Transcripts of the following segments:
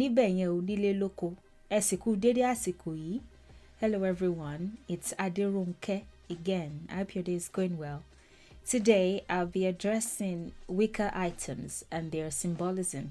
níbẹ̀ ò nílé lóko ẹ sì kú dédé àsìkò yìí hello everyone it's adirunke again I hope your day is going well today I'll be addressing weaker items and their symbolism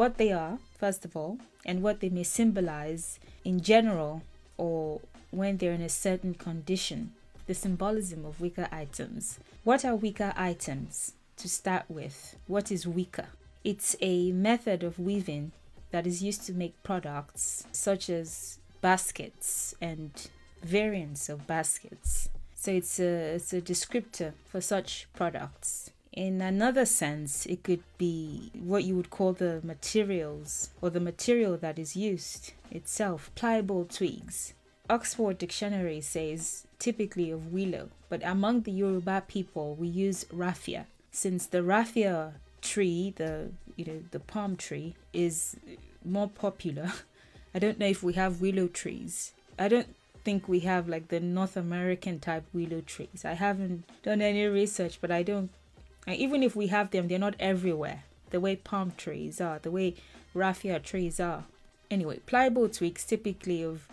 what they are first of all and what they may symbolize in general or when they're in a certain condition the symbolism of weaker items. What are weaker items? To start with, what is weaker? It's a method of weaving that is used to make products such as baskets and variants of baskets. So it's a, it's a descriptor for such products. In another sense, it could be what you would call the materials or the material that is used itself, pliable twigs. Oxford Dictionary says typically of willow, but among the Yoruba people, we use raffia, since the raffia tree, the you know, the palm tree is more popular. I don't know if we have willow trees. I don't think we have like the North American type willow trees. I haven't done any research, but I don't. Even if we have them, they're not everywhere. The way palm trees are, the way raffia trees are. Anyway, pliable twigs typically of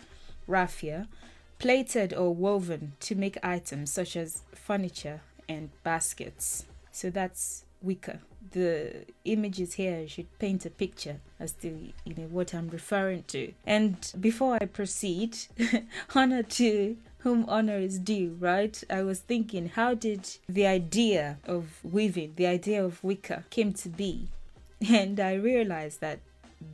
raffia, plaited or woven to make items such as furniture and baskets. So that's weaker. The images here should paint a picture as to you know what I'm referring to. And before I proceed, honor to whom honor is due, right? I was thinking, how did the idea of weaving, the idea of wicker, came to be? And I realized that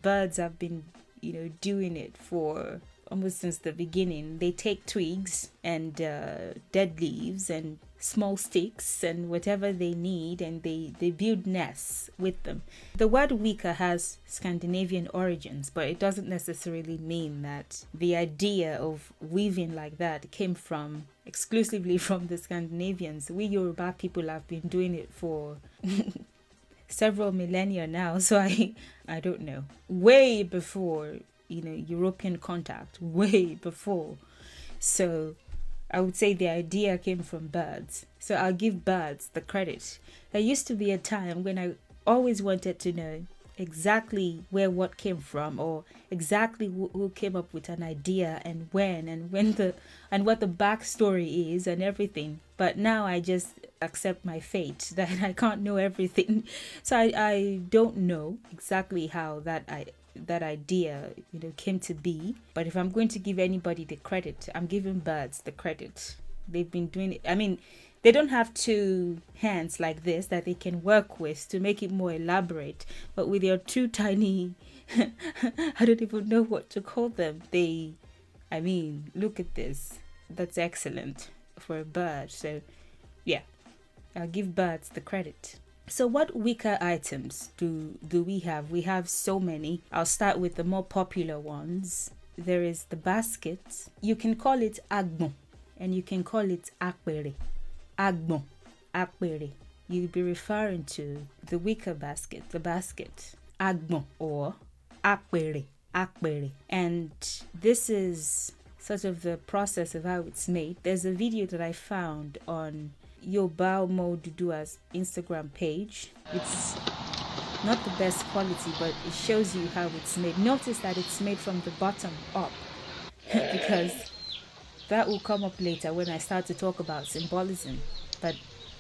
birds have been, you know, doing it for almost since the beginning. They take twigs and uh, dead leaves and small sticks and whatever they need and they, they build nests with them. The word Wicca has Scandinavian origins, but it doesn't necessarily mean that the idea of weaving like that came from exclusively from the Scandinavians. We Yoruba people have been doing it for several millennia now, so I I don't know. Way before, you know, European contact, way before. So I would say the idea came from birds. So I'll give birds the credit. There used to be a time when I always wanted to know exactly where what came from or exactly who came up with an idea and when and when the and what the backstory is and everything but now i just accept my fate that i can't know everything so i, I don't know exactly how that I, that idea you know came to be but if i'm going to give anybody the credit i'm giving birds the credit they've been doing it i mean they don't have two hands like this that they can work with to make it more elaborate but with your two tiny i don't even know what to call them they i mean look at this that's excellent for a bird so yeah i'll give birds the credit so what weaker items do do we have? We have so many. I'll start with the more popular ones. There is the basket. You can call it agbon and you can call it apere. Agbon, apere. You'll be referring to the weaker basket, the basket. Agbon or apere, apere. And this is sort of the process of how it's made. There's a video that I found on Yobao Mo Dudua's Instagram page. It's not the best quality, but it shows you how it's made. Notice that it's made from the bottom up because that will come up later when I start to talk about symbolism. But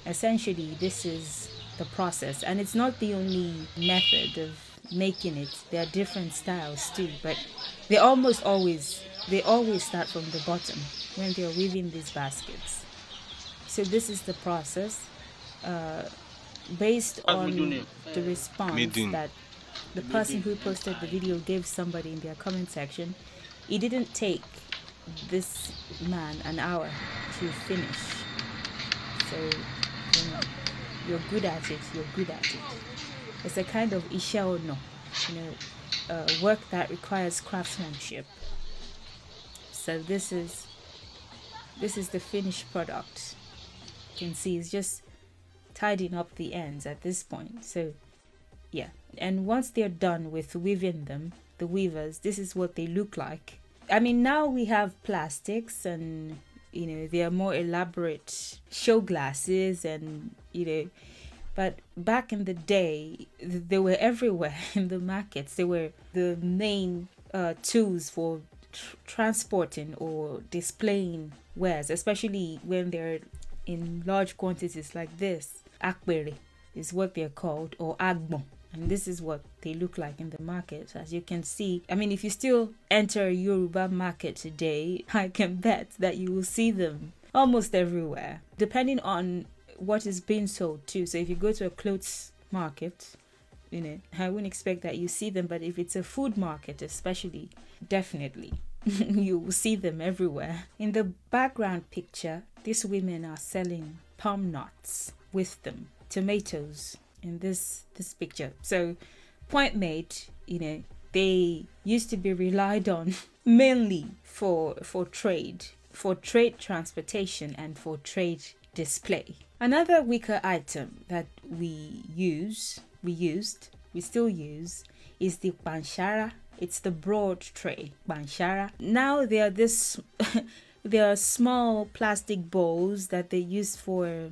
essentially, this is the process, and it's not the only method of making it. There are different styles too, but they almost always they always start from the bottom when they are weaving these baskets. So this is the process uh, based on the response that the person who posted the video gave somebody in their comment section. It didn't take this man an hour to finish. So you know, you're good at it. You're good at it. It's a kind of no, you know, uh, work that requires craftsmanship. So this is this is the finished product can see is just tidying up the ends at this point so yeah and once they're done with weaving them the weavers this is what they look like i mean now we have plastics and you know they are more elaborate show glasses and you know but back in the day they were everywhere in the markets they were the main uh, tools for tr transporting or displaying wares especially when they're in large quantities like this. Akpere is what they're called, or agbon. And this is what they look like in the market. As you can see, I mean, if you still enter Yoruba market today, I can bet that you will see them almost everywhere, depending on what is being sold too. So if you go to a clothes market, you know, I wouldn't expect that you see them, but if it's a food market, especially, definitely you will see them everywhere. In the background picture these women are selling palm nuts with them, tomatoes in this this picture. So point made, you know, they used to be relied on mainly for for trade, for trade transportation and for trade display. Another wicker item that we use, we used, we still use is the banshara. It's the broad tray, banshara. Now they are this They are small plastic bowls that they use for,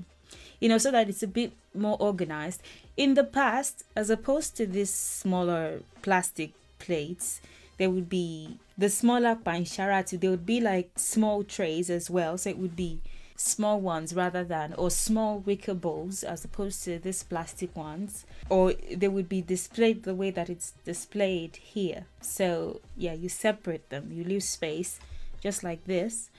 you know, so that it's a bit more organized. In the past, as opposed to these smaller plastic plates, there would be the smaller pancharatu. There would be like small trays as well. So it would be small ones rather than or small wicker bowls as opposed to these plastic ones or they would be displayed the way that it's displayed here so yeah you separate them you leave space just like this.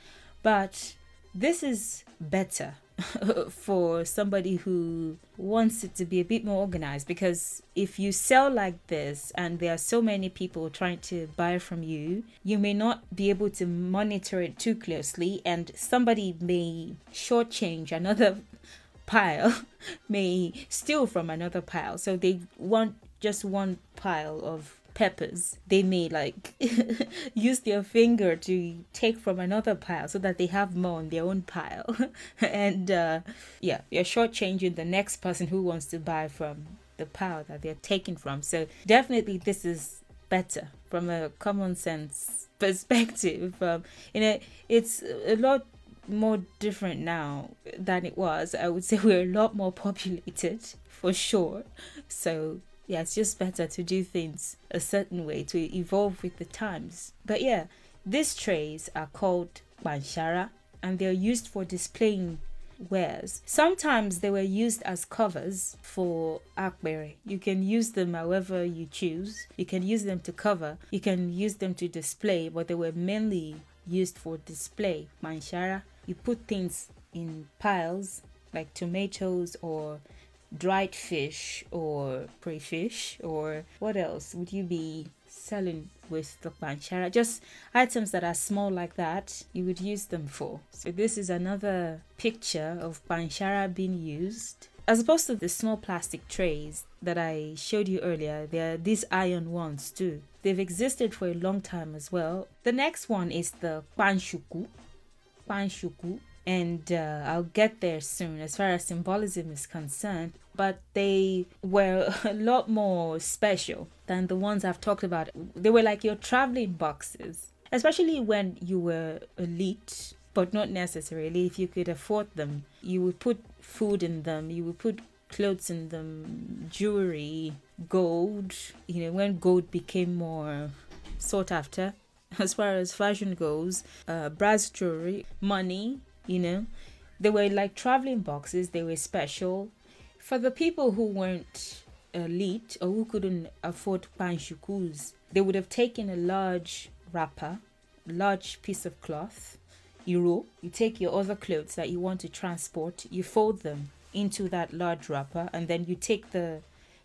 But this is better for somebody who wants it to be a bit more organized because if you sell like this and there are so many people trying to buy from you, you may not be able to monitor it too closely, and somebody may shortchange another pile, may steal from another pile. So they want just one pile of peppers they may like use their finger to take from another pile so that they have more on their own pile and uh, yeah you're shortchanging the next person who wants to buy from the pile that they're taking from so definitely this is better from a common sense perspective um, you know it's a lot more different now than it was i would say we're a lot more populated for sure so yeah, it's just better to do things a certain way to evolve with the times. But yeah, these trays are called banshara and they're used for displaying wares. Sometimes they were used as covers for akbere. You can use them however you choose. You can use them to cover, you can use them to display, but they were mainly used for display. Banshara, you put things in piles like tomatoes or dried fish or pre fish or what else would you be selling with the banchara just items that are small like that you would use them for so this is another picture of banchara being used as opposed to the small plastic trays that I showed you earlier, there are these iron ones too. They've existed for a long time as well. The next one is the panshuku. Panshuku and uh, I'll get there soon as far as symbolism is concerned, but they were a lot more special than the ones I've talked about. They were like your traveling boxes, especially when you were elite, but not necessarily if you could afford them. You would put food in them, you would put clothes in them, jewelry, gold, you know, when gold became more sought after. As far as fashion goes, uh, brass jewelry, money, you know they were like traveling boxes they were special for the people who weren't elite or who couldn't afford panshukus they would have taken a large wrapper large piece of cloth you roll you take your other clothes that you want to transport you fold them into that large wrapper and then you take the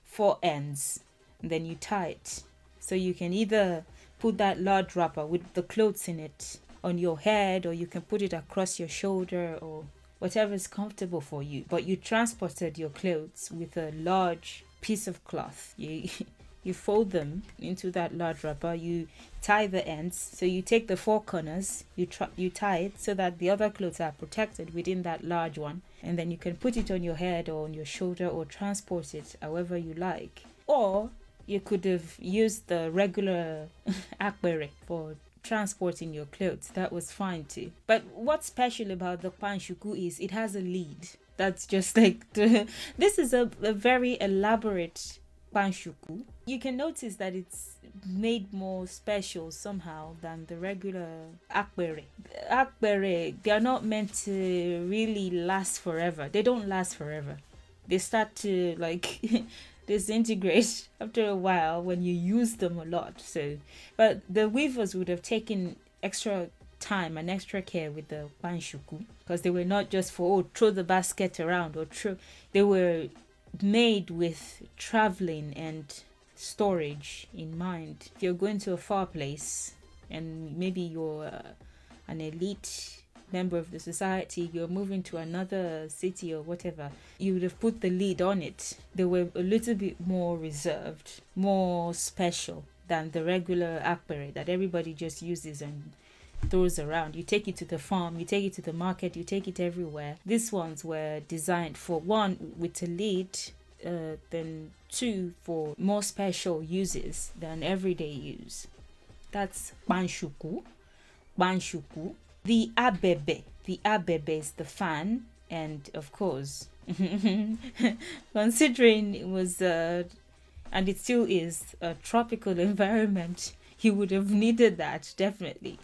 four ends and then you tie it so you can either put that large wrapper with the clothes in it on your head or you can put it across your shoulder or whatever is comfortable for you. But you transported your clothes with a large piece of cloth. You you fold them into that large wrapper. You tie the ends. So you take the four corners. You you tie it so that the other clothes are protected within that large one, and then you can put it on your head or on your shoulder or transport it however you like. Or you could have used the regular akbere for transporting your clothes. That was fine too. But what's special about the Panshuku is it has a lead. That's just like this is a, a very elaborate Panshuku. You can notice that it's made more special somehow than the regular akbere. akbere, they are not meant to really last forever. They don't last forever. They start to like disintegrate after a while when you use them a lot. So, but the weavers would have taken extra time and extra care with the banshuku because they were not just for oh throw the basket around or throw. They were made with traveling and storage in mind. If you're going to a far place and maybe you're uh, an elite member of the society, you're moving to another city or whatever, you would have put the lead on it. They were a little bit more reserved, more special than the regular akbere that everybody just uses and throws around. You take it to the farm, you take it to the market, you take it everywhere. These ones were designed for one with a lead, uh, then two for more special uses than everyday use. That's banshuku. Banshuku the abebe. The abebe is the fan, and of course, considering it was uh, and it still is a tropical environment, you would have needed that definitely.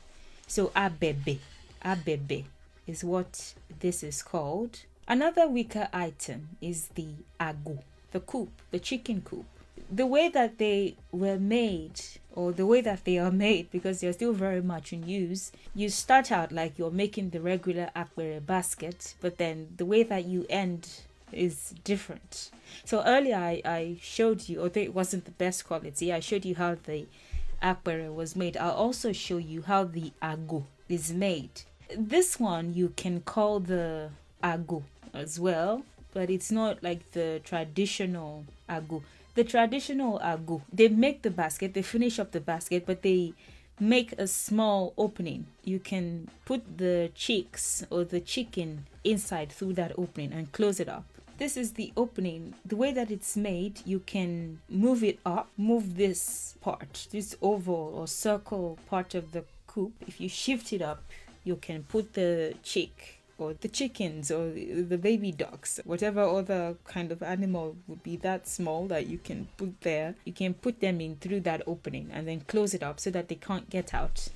So abebe, abebe is what this is called. Another weaker item is the agu, the coop, the chicken coop. The way that they were made or the way that they are made because they're still very much in use you start out like you're making the regular aquare basket but then the way that you end is different so earlier i, I showed you although it wasn't the best quality i showed you how the aquare was made i'll also show you how the ago is made this one you can call the ago as well but it's not like the traditional ago the traditional agu. Uh, they make the basket, they finish up the basket, but they make a small opening. You can put the chicks or the chicken inside through that opening and close it up. This is the opening. The way that it's made, you can move it up, move this part, this oval or circle part of the coop. If you shift it up, you can put the chick or the chickens or the baby ducks, whatever other kind of animal would be that small that you can put there, you can put them in through that opening and then close it up so that they can't get out.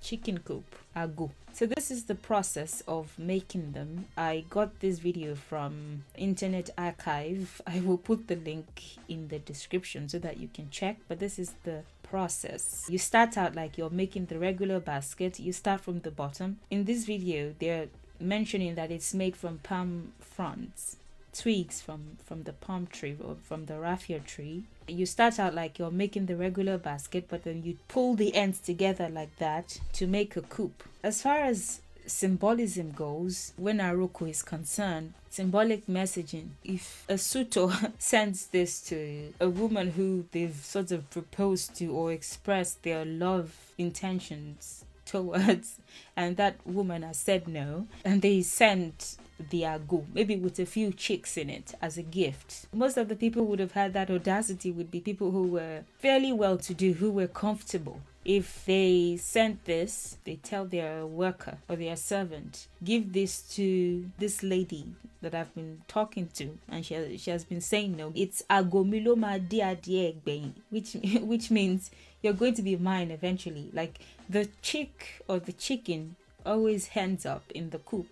Chicken coop, agu. So this is the process of making them. I got this video from Internet Archive. I will put the link in the description so that you can check, but this is the process. You start out like you're making the regular basket. You start from the bottom. In this video, there mentioning that it's made from palm fronds twigs from from the palm tree or from the raffia tree you start out like you're making the regular basket but then you pull the ends together like that to make a coop as far as symbolism goes, when Aroko is concerned, symbolic messaging. If a suitor sends this to a woman who they've sort of proposed to or expressed their love intentions towards and that woman has said no and they sent their go maybe with a few chicks in it as a gift most of the people would have had that audacity would be people who were fairly well to do who were comfortable if they sent this, they tell their worker or their servant, give this to this lady that I've been talking to, and she has, she has been saying no. It's agomiloma diadie which which means you're going to be mine eventually. Like the chick or the chicken always hands up in the coop.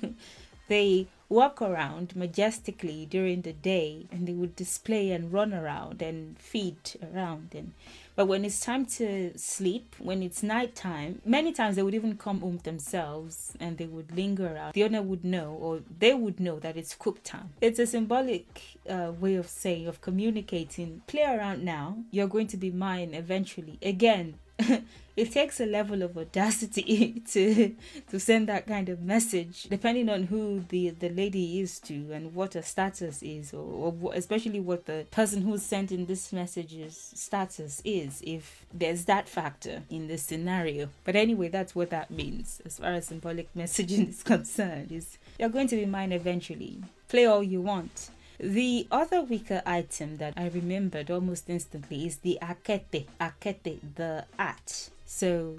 they walk around majestically during the day and they would display and run around and feed around and but when it's time to sleep, when it's night time, many times they would even come home themselves and they would linger out. The owner would know, or they would know that it's cook time. It's a symbolic uh, way of saying, of communicating, play around now, you're going to be mine eventually. Again, it takes a level of audacity to to send that kind of message depending on who the the lady is to and what her status is or, or especially what the person who's sending this message's status is if there's that factor in the scenario but anyway that's what that means as far as symbolic messaging is concerned is you're going to be mine eventually play all you want the other weaker item that I remembered almost instantly is the akete, akete, the at. So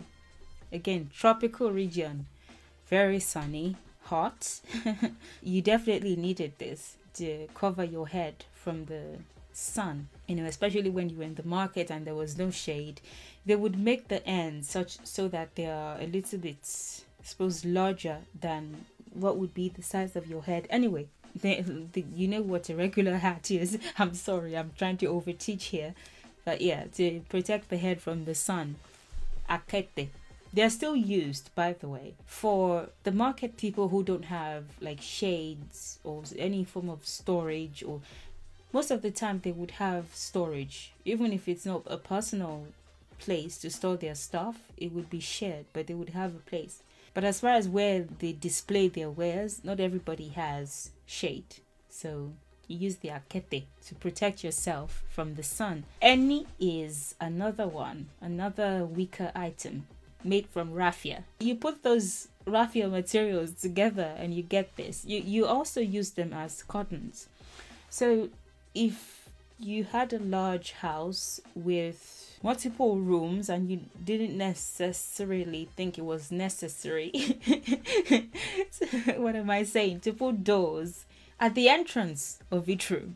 again, tropical region, very sunny, hot. you definitely needed this to cover your head from the sun you know especially when you were in the market and there was no shade they would make the ends such so that they are a little bit I suppose larger than what would be the size of your head anyway the, the, you know what a regular hat is. I'm sorry, I'm trying to overteach here. But yeah, to protect the head from the sun. Akete. They're still used, by the way, for the market people who don't have like shades or any form of storage or most of the time they would have storage even if it's not a personal place to store their stuff it would be shared but they would have a place but as far as where they display their wares not everybody has shade. So you use the akete to protect yourself from the sun. Eni is another one, another weaker item made from raffia. You put those raffia materials together and you get this. You you also use them as cottons. So if you had a large house with multiple rooms and you didn't necessarily think it was necessary what am i saying to put doors at the entrance of each room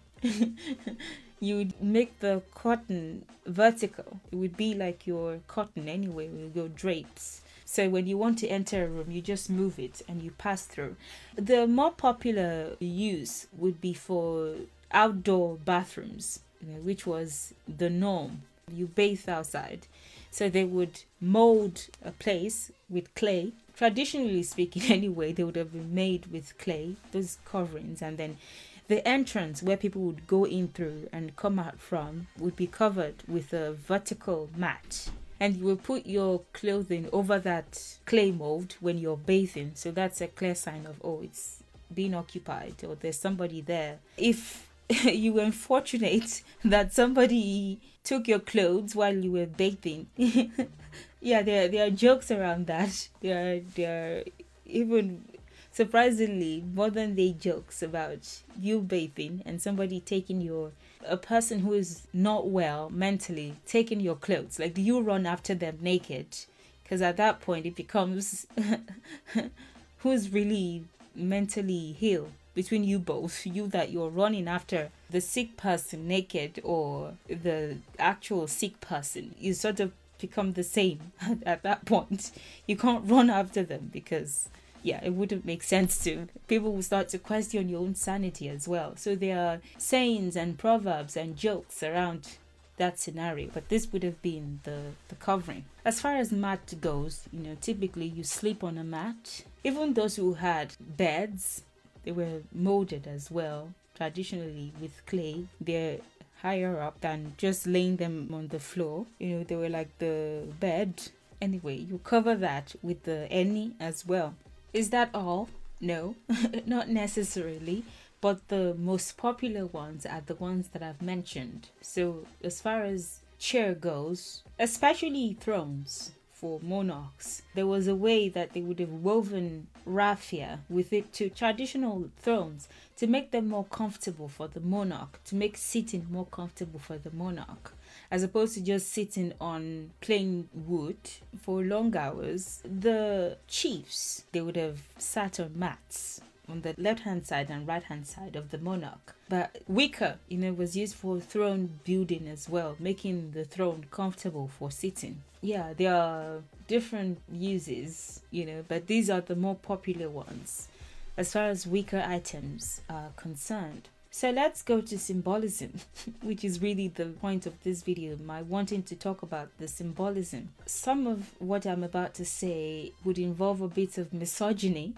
you make the cotton vertical it would be like your cotton anyway your drapes so when you want to enter a room, you just move it and you pass through. The more popular use would be for outdoor bathrooms, which was the norm. You bathe outside. So they would mold a place with clay. Traditionally speaking, anyway, they would have been made with clay, those coverings, and then the entrance where people would go in through and come out from would be covered with a vertical mat. And you will put your clothing over that clay mold when you're bathing. So that's a clear sign of, oh, it's being occupied or there's somebody there. If you were unfortunate that somebody took your clothes while you were bathing. yeah, there there are jokes around that. There are, there are even surprisingly modern day jokes about you bathing and somebody taking your a person who is not well mentally taking your clothes. Like you run after them naked? Because at that point it becomes who's really mentally ill between you both, you that you're running after the sick person naked or the actual sick person, you sort of become the same at that point. You can't run after them because yeah, it wouldn't make sense to. People will start to question your own sanity as well. So there are sayings and proverbs and jokes around that scenario, but this would have been the, the covering. As far as mat goes, you know, typically you sleep on a mat. Even those who had beds they were molded as well, traditionally with clay. They're higher up than just laying them on the floor. You know, they were like the bed. Anyway, you cover that with the any as well. Is that all? No, not necessarily but the most popular ones are the ones that I've mentioned. So, as far as chair goes, especially thrones, for monarchs. There was a way that they would have woven raffia with it to traditional thrones to make them more comfortable for the monarch, to make sitting more comfortable for the monarch, as opposed to just sitting on plain wood for long hours. The chiefs, they would have sat on mats on the left hand side and right hand side of the monarch. But wicker, you know, was used for throne building as well, making the throne comfortable for sitting. Yeah, there are different uses, you know, but these are the more popular ones as far as wicker items are concerned. So let's go to symbolism, which is really the point of this video, my wanting to talk about the symbolism. Some of what I'm about to say would involve a bit of misogyny.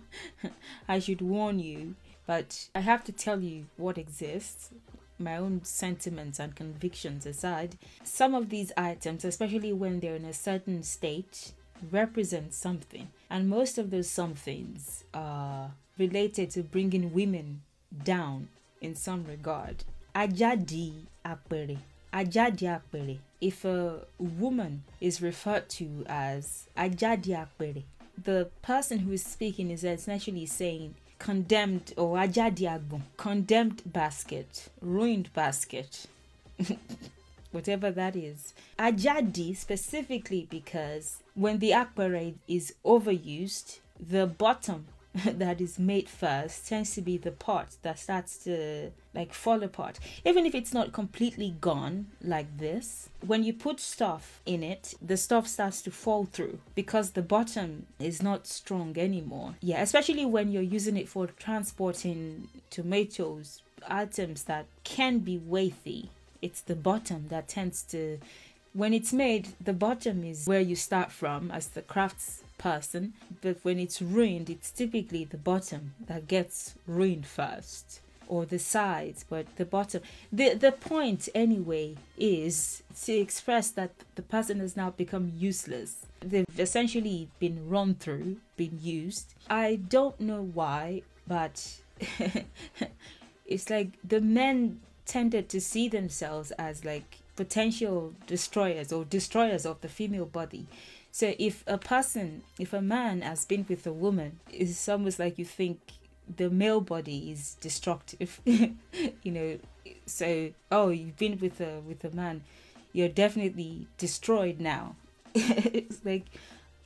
I should warn you, but I have to tell you what exists my own sentiments and convictions aside, some of these items, especially when they're in a certain state, represent something. And most of those somethings are related to bringing women down in some regard. Ajadi apere. Ajadi apere. If a woman is referred to as ajadi apere, the person who is speaking is essentially saying condemned or ajadi agbon, condemned basket, ruined basket. whatever that is. Ajadi specifically because when the akbare is overused, the bottom that is made first tends to be the part that starts to like fall apart even if it's not completely gone like this when you put stuff in it the stuff starts to fall through because the bottom is not strong anymore yeah especially when you're using it for transporting tomatoes items that can be weighty it's the bottom that tends to when it's made the bottom is where you start from as the crafts person but when it's ruined it's typically the bottom that gets ruined first or the sides but the bottom the the point anyway is to express that the person has now become useless they've essentially been run through been used i don't know why but it's like the men tended to see themselves as like potential destroyers or destroyers of the female body so if a person, if a man has been with a woman, it's almost like you think the male body is destructive, you know. So oh, you've been with a with a man, you're definitely destroyed now. it's like,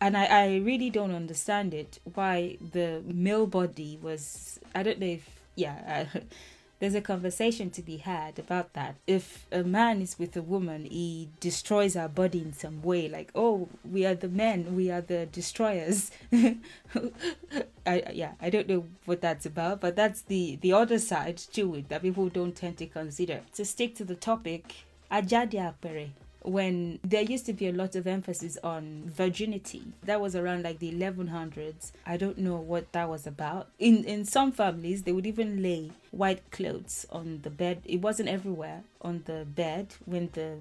and I I really don't understand it why the male body was I don't know if yeah. I, there's a conversation to be had about that. If a man is with a woman, he destroys our body in some way, like, oh, we are the men, we are the destroyers. I, yeah, I don't know what that's about, but that's the, the other side to it that people don't tend to consider. To stick to the topic, Ajadi Apere when there used to be a lot of emphasis on virginity. That was around like the 1100s. I don't know what that was about. In in some families, they would even lay white clothes on the bed. It wasn't everywhere on the bed when the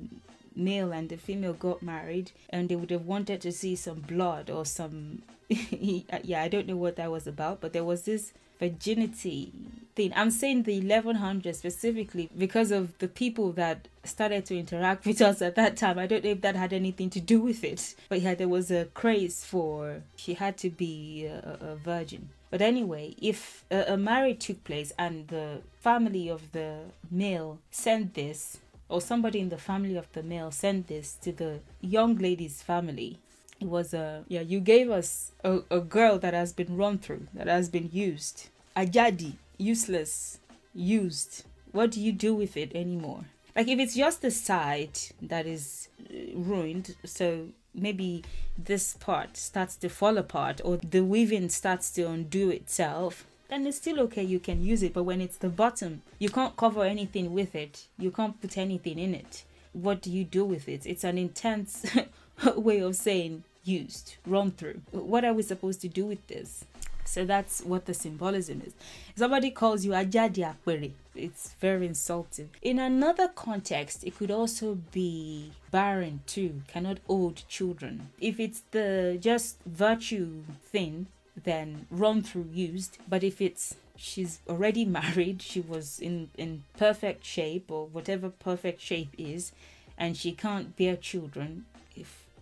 male and the female got married and they would have wanted to see some blood or some yeah i don't know what that was about but there was this virginity thing. I'm saying the 1100 specifically because of the people that started to interact with us at that time. I don't know if that had anything to do with it, but yeah, there was a craze for she had to be a, a virgin. But anyway, if a, a marriage took place and the family of the male sent this, or somebody in the family of the male sent this to the young lady's family, was a yeah you gave us a, a girl that has been run through that has been used ajadi useless used what do you do with it anymore like if it's just the side that is uh, ruined so maybe this part starts to fall apart or the weaving starts to undo itself then it's still okay you can use it but when it's the bottom you can't cover anything with it you can't put anything in it what do you do with it it's an intense way of saying used, run through. What are we supposed to do with this? So that's what the symbolism is. Somebody calls you ajadi apere. It's very insulting. In another context, it could also be barren too, cannot hold children. If it's the just virtue thing, then run through used. But if it's she's already married, she was in, in perfect shape or whatever perfect shape is, and she can't bear children,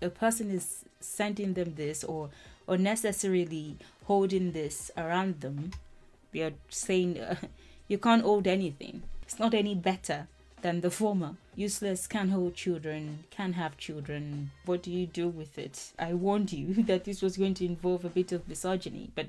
a person is sending them this or or necessarily holding this around them we are saying uh, you can't hold anything it's not any better than the former useless can hold children can have children what do you do with it i warned you that this was going to involve a bit of misogyny but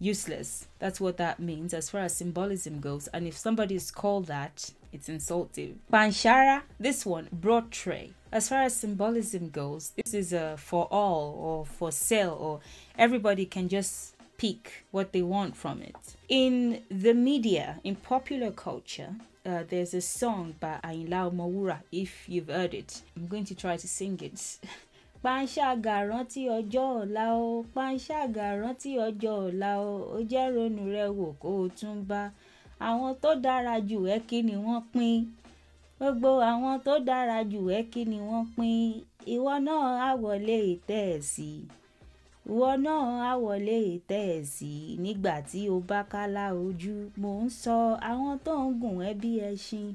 useless that's what that means as far as symbolism goes and if somebody is called that it's insulting. Banshara, this one, broad tray. As far as symbolism goes, this is a for all or for sale or everybody can just pick what they want from it. In the media, in popular culture, uh, there's a song by Ayinla Mawura. if you've heard it. I'm going to try to sing it. panṣágà rántí ọjọ́ lao, o panṣágà ọjọ́ lao, o ó jẹ́ ronú rẹ wò kó o je wo ko àwọn tó dára jù ẹ́ kí ni wọ́n pín gbogbo àwọn tó dára jù ẹ́ kí ni wọ́n pín ìwọ náà á wọlé ìtẹ́ ẹ̀ sí ìwọ náà á wọlé ìtẹ́ ẹ̀ sí nígbà tí o bá kálá ojú mò ń sọ àwọn tó ń gùn ẹ́ bí ẹṣin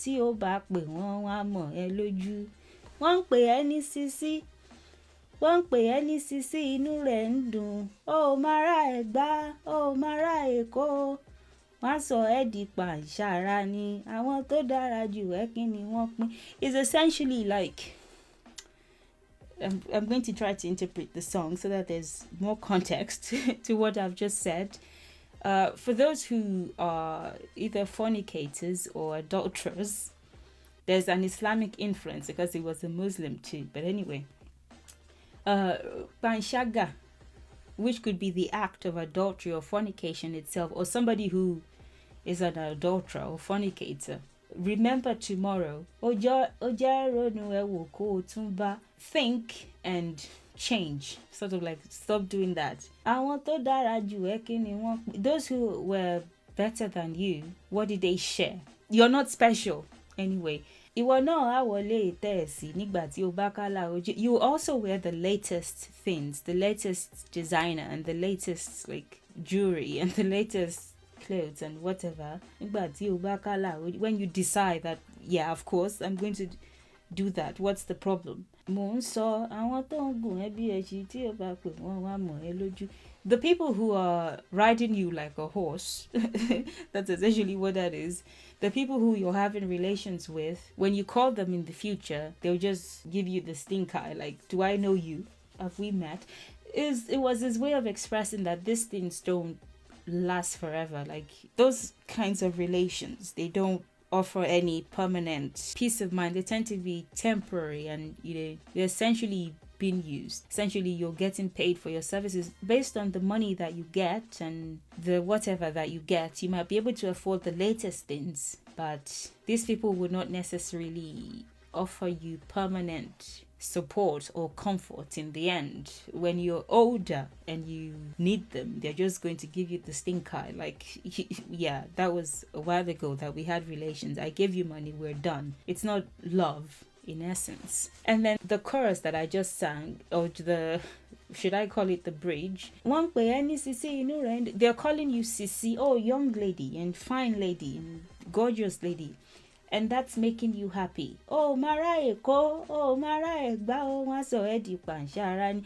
tí o bá pè wọ́n wá mọ̀ ẹ́ lójú wọ́n ń pè ẹ́ ní sisi wọ́n ń pè ẹ́ ní sisi inú rẹ̀ ń dùn ó máa ra ẹ̀gbá ó máa ra èkó. sọ ẹ́ di pàṣàrà ni àwọn tó dára jù ẹ́ kí ni wọ́n pín is essentially like I'm, I'm going to try to interpret the song so that there's more context to what I've just said. Uh, for those who are either fornicators or adulterers, there's an Islamic influence because he was a Muslim too. But anyway, uh, which could be the act of adultery or fornication itself, or somebody who is an adulterer or fornicator. Remember tomorrow. Think and change. Sort of like stop doing that. I want Those who were better than you, what did they share? You're not special anyway. you also wear the latest things the latest designer and the latest like jewelry and the latest clothes and whatever but you back when you decide that yeah of course i'm going to do that what's the problem the people who are riding you like a horse that's essentially what that is the people who you're having relations with when you call them in the future they'll just give you the stink eye like do i know you have we met is it was his way of expressing that these things don't last forever. Like those kinds of relations, they don't offer any permanent peace of mind. They tend to be temporary and you know, they are essentially being used. Essentially, you're getting paid for your services based on the money that you get and the whatever that you get. You might be able to afford the latest things, but these people would not necessarily offer you permanent support or comfort in the end. When you're older and you need them, they're just going to give you the stink Like, yeah, that was a while ago that we had relations. I gave you money, we're done. It's not love in essence. And then the chorus that I just sang, or the should I call it the bridge? One way any you know, and they're calling you sisi, oh young lady and fine lady and gorgeous lady and that's making you happy. Oh, Marai, ko, oh, Mara Egba, maso Waso Edi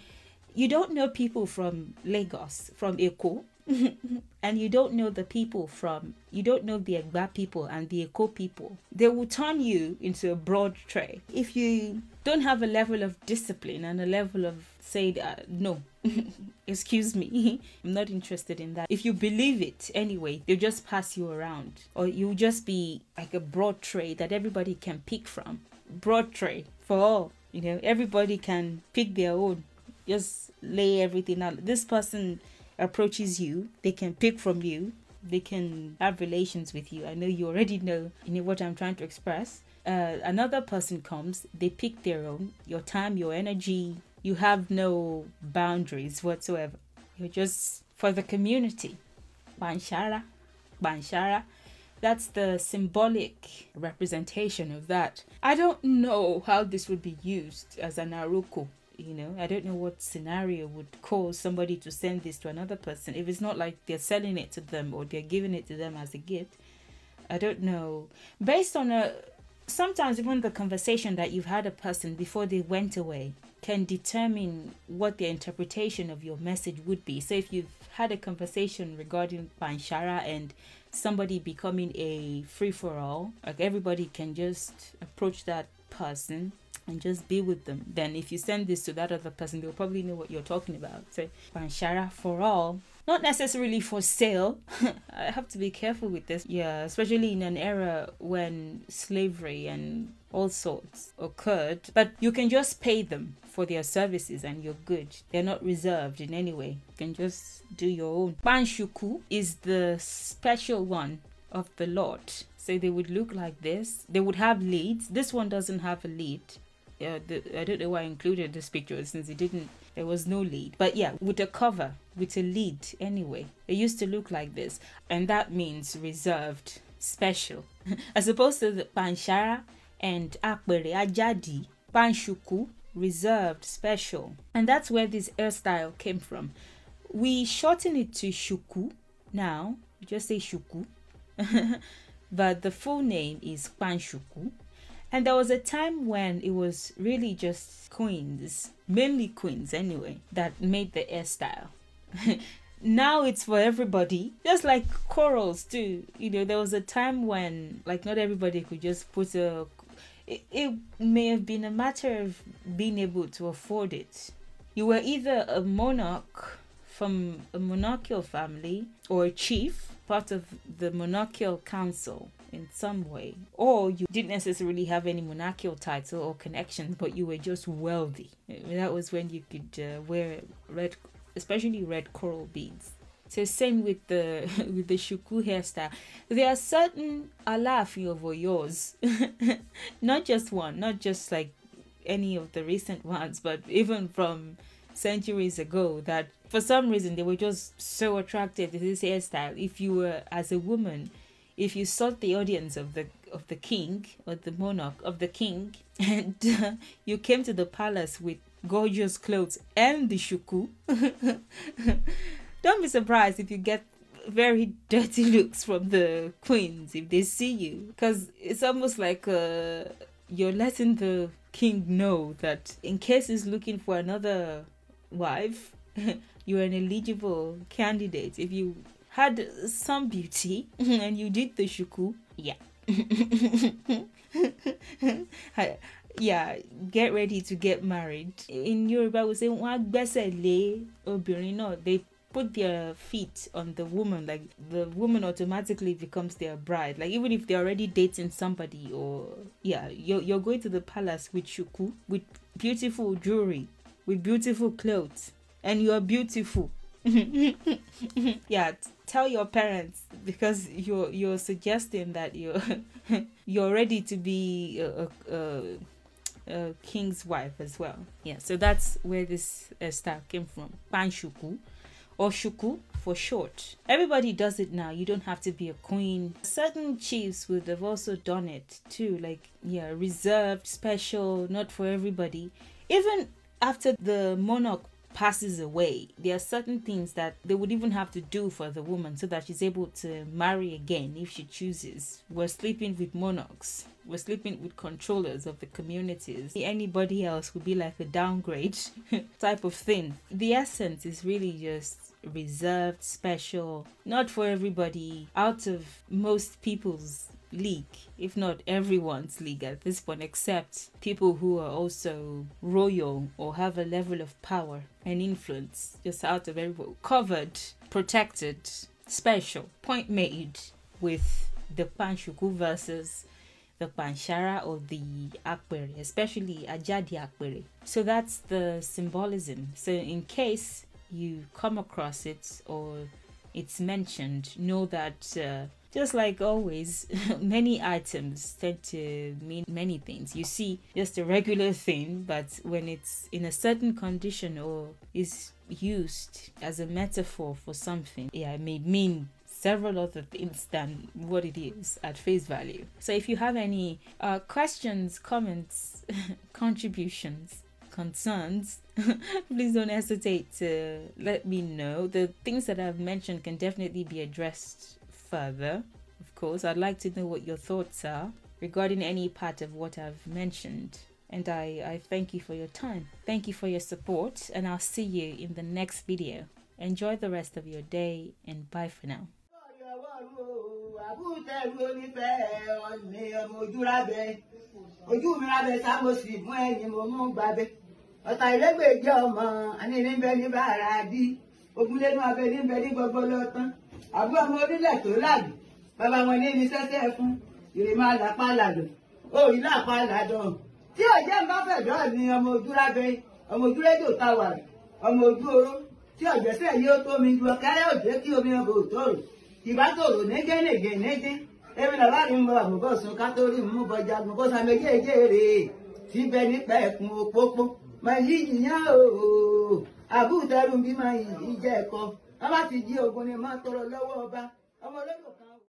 You don't know people from Lagos, from Eko, and you don't know the people from, you don't know the Egba people and the Eko people. They will turn you into a broad tray. If you don't have a level of discipline and a level of said, uh, no, excuse me, I'm not interested in that. If you believe it anyway, they'll just pass you around or you'll just be like a broad tray that everybody can pick from. Broad tray for all, you know, everybody can pick their own. Just lay everything out. This person approaches you, they can pick from you, they can have relations with you. I know you already know, you know what I'm trying to express. Uh, another person comes, they pick their own, your time, your energy, you have no boundaries whatsoever. You're just for the community. Banshara, Banshara. That's the symbolic representation of that. I don't know how this would be used as an aruku. You know, I don't know what scenario would cause somebody to send this to another person. If it's not like they're selling it to them or they're giving it to them as a gift, I don't know. Based on a sometimes even the conversation that you've had a person before they went away can determine what their interpretation of your message would be. So if you've had a conversation regarding Banshara and somebody becoming a free for all, like everybody can just approach that person and just be with them. Then if you send this to that other person, they'll probably know what you're talking about. So Banshara for all. Not necessarily for sale. I have to be careful with this. Yeah, especially in an era when slavery and all sorts occurred. But you can just pay them for their services and you're good. They're not reserved in any way. You can just do your own. Banshuku is the special one of the lot. So they would look like this. They would have leads. This one doesn't have a lead. Uh, the, I don't know why I included this picture since it didn't, there was no lead. But yeah, with a cover, with a lead anyway. It used to look like this. And that means reserved, special. As opposed to the Panshara and Akbere Ajadi, Panshuku reserved, special. And that's where this hairstyle came from. We shorten it to Shuku now, just say Shuku. but the full name is Panshuku. And there was a time when it was really just queens, mainly queens anyway, that made the hairstyle. now it's for everybody, just like corals too. You know, there was a time when like not everybody could just put a it, may have been a matter of being able to afford it. You were either a monarch from a monarchical family or a chief, part of the monarchical council in some way, or you didn't necessarily have any monarchical title or connections, but you were just wealthy. That was when you could uh, wear red, especially red coral beads. So same with the with the shuku hairstyle. There are certain alafi over yours, not just one, not just like any of the recent ones, but even from centuries ago that for some reason they were just so attracted to this hairstyle. If you were as a woman, if you sought the audience of the of the king or the monarch of the king, and uh, you came to the palace with gorgeous clothes and the shuku. Don't be surprised if you get very dirty looks from the queens if they see you because it's almost like uh, you're letting the king know that in case he's looking for another wife you're an eligible candidate if you had some beauty and you did the shuku yeah yeah get ready to get married in yoruba we say obìnrin náà they put their feet on the woman like the woman automatically becomes their bride like even if they're already dating somebody or yeah you're, you're going to the palace with shuku with beautiful jewelry with beautiful clothes and you're beautiful yeah tell your parents because you're you're suggesting that you're you're ready to be a, a, a, king's wife as well yeah so that's where this uh, star came from panshuku or shuku for short. Everybody does it now. You don't have to be a queen. Certain chiefs would have also done it too, like, yeah, reserved, special, not for everybody. Even after the monarch passes away, there are certain things that they would even have to do for the woman so that she's able to marry again if she chooses. We're sleeping with monarchs, we're sleeping with controllers of the communities. Anybody else would be like a downgrade type of thing. The essence is really just reserved, special, not for everybody, out of most people's league, if not everyone's league at this point, except people who are also royal or have a level of power and influence, just out of everyone, covered, protected, special, point made with the Panshuku versus the Panshara or the Akbere, especially Ajadi Akbere. So that's the symbolism. So in case you come across it or it's mentioned, know that uh, just like always, many items tend to mean many things. You see just a regular thing, but when it's in a certain condition or is used as a metaphor for something, yeah, it may mean several other things than what it is at face value. So if you have any uh, questions, comments, contributions, concerns, please don't hesitate to let me know. The things that I've mentioned can definitely be addressed further, of course. I'd like to know what your thoughts are regarding any part of what I've mentioned. And I, I thank you for your time. Thank you for your support, and I'll see you in the next video. Enjoy the rest of your day, and bye for now. ọ̀tà ìrẹ́gbẹ̀jọ ọmọ àní níbẹ̀ ní bàrà dí ogunlénu abẹ níbẹ̀ ní gbogbo lọ́tán àbúrò ọmọ orílẹ̀ tó làlù bàbá wọn ní ní sẹ́sẹ́ fún ìrìnnà àlàpàlàdàn òyìn àpàlàdàn tí ọ̀jẹ̀ ń bá fẹ̀dọ́ ni ọmọ ojú lábẹ́ ọmọ ojú rédíò táwà ọmọ ojú oró tí ọ̀jẹ̀sẹ̀ yóò tó mi ju ọ̀kẹ́rẹ́ òjé kí omi ọbọ̀ òtòrò ìbá tòrò négénègé négé èmi làbá mi ń bọ àmúbọ̀sùn ká tó rí mú bọjá gbogbo sàmẹ́jẹ́ èjé rèé tí bẹ nípa ẹ̀kún òpópó màlíyìnyá ooo àbúdàrú bí máa yìí jẹ́ ẹ̀kọ́ wọn bá ti jí ogun ni máa tọrọ lọ́wọ́ ọba ọmọ kan.